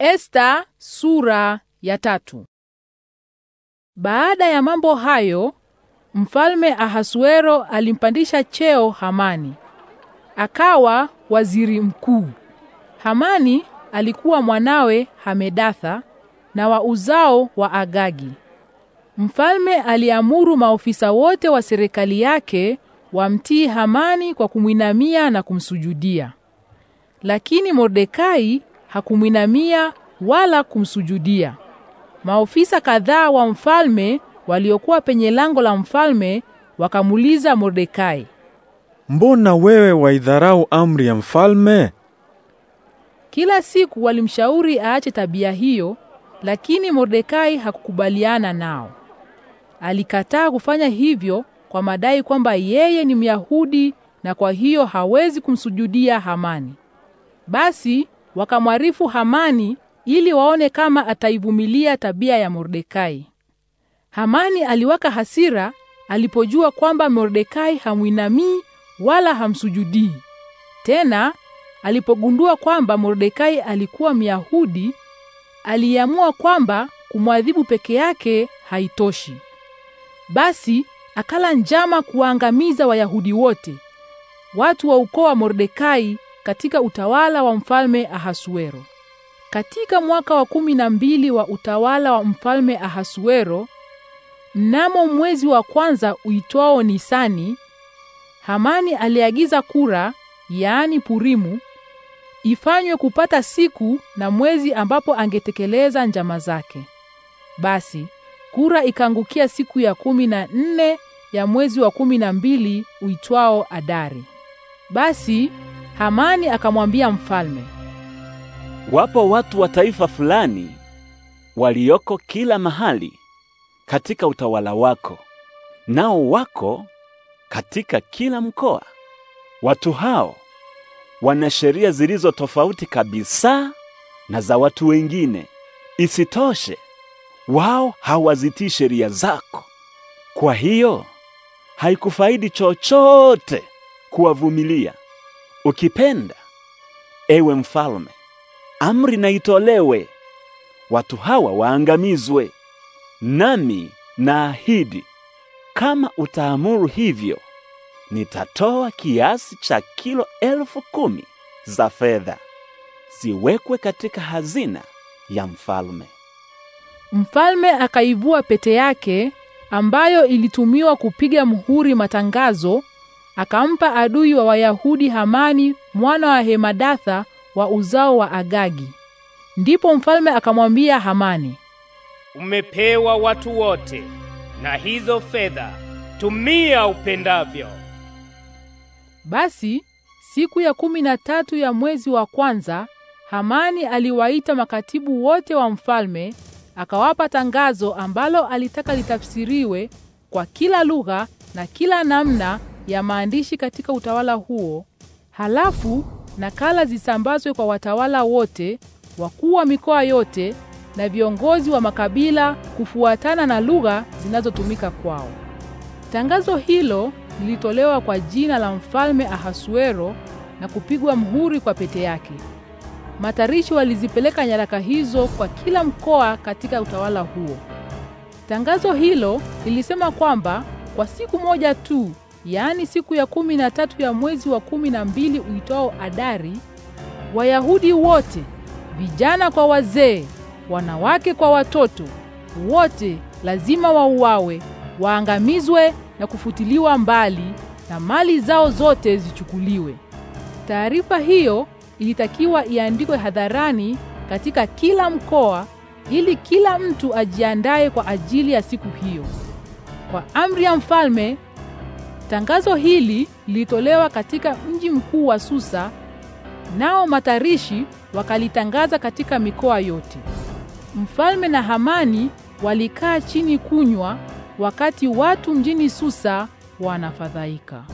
Esta sura ya tatu. Baada ya mambo hayo, mfalme Ahasuero alimpandisha cheo Hamani. Akawa waziri mkuu. Hamani alikuwa mwanawe Hamedatha na wa uzao wa Agagi. Mfalme aliamuru maofisa wote wa serikali yake wamtii Hamani kwa kumwinamia na kumsujudia. Lakini Mordekai hakumwinamia wala kumsujudia. Maofisa kadhaa wa mfalme waliokuwa penye lango la mfalme wakamuliza Mordekai, mbona wewe waidharau amri ya mfalme? Kila siku walimshauri aache tabia hiyo, lakini Mordekai hakukubaliana nao. Alikataa kufanya hivyo kwa madai kwamba yeye ni Myahudi na kwa hiyo hawezi kumsujudia Hamani. Basi wakamwarifu Hamani ili waone kama ataivumilia tabia ya Mordekai. Hamani aliwaka hasira alipojua kwamba Mordekai hamwinamii wala hamsujudii. Tena alipogundua kwamba Mordekai alikuwa Myahudi, aliamua kwamba kumwadhibu peke yake haitoshi. Basi akala njama kuwaangamiza Wayahudi wote, watu wa ukoo wa Mordekai katika utawala wa mfalme Ahasuero. Katika mwaka wa kumi na mbili wa utawala wa mfalme Ahasuero, mnamo mwezi wa kwanza uitwao Nisani, Hamani aliagiza kura, yaani Purimu, ifanywe kupata siku na mwezi ambapo angetekeleza njama zake. Basi kura ikaangukia siku ya kumi na nne ya mwezi wa kumi na mbili uitwao Adari. Basi Hamani akamwambia mfalme, wapo watu wa taifa fulani walioko kila mahali katika utawala wako, nao wako katika kila mkoa. Watu hao wana sheria zilizo tofauti kabisa na za watu wengine. Isitoshe, wao hawazitii sheria zako. Kwa hiyo haikufaidi chochote kuwavumilia. Ukipenda ewe mfalme, amri na itolewe, watu hawa waangamizwe. Nami naahidi kama utaamuru hivyo, nitatoa kiasi cha kilo elfu kumi za fedha ziwekwe katika hazina ya mfalme. Mfalme akaivua pete yake ambayo ilitumiwa kupiga muhuri matangazo akampa adui wa Wayahudi Hamani mwana wa Hemadatha wa uzao wa Agagi. Ndipo mfalme akamwambia Hamani, umepewa watu wote na hizo fedha, tumia upendavyo. Basi siku ya kumi na tatu ya mwezi wa kwanza Hamani aliwaita makatibu wote wa mfalme, akawapa tangazo ambalo alitaka litafsiriwe kwa kila lugha na kila namna ya maandishi katika utawala huo, halafu nakala zisambazwe kwa watawala wote, wakuu wa mikoa yote na viongozi wa makabila kufuatana na lugha zinazotumika kwao. Tangazo hilo lilitolewa kwa jina la Mfalme Ahasuero na kupigwa mhuri kwa pete yake. Matarishi walizipeleka nyaraka hizo kwa kila mkoa katika utawala huo. Tangazo hilo lilisema kwamba kwa siku moja tu yaani siku ya kumi na tatu ya mwezi wa kumi na mbili uitwao Adari, Wayahudi wote, vijana kwa wazee, wanawake kwa watoto, wote lazima wauawe, waangamizwe na kufutiliwa mbali na mali zao zote zichukuliwe. Taarifa hiyo ilitakiwa iandikwe hadharani katika kila mkoa ili kila mtu ajiandae kwa ajili ya siku hiyo. Kwa amri ya mfalme Tangazo hili lilitolewa katika mji mkuu wa Susa, nao matarishi wakalitangaza katika mikoa yote. Mfalme na Hamani walikaa chini kunywa, wakati watu mjini Susa wanafadhaika.